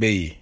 bay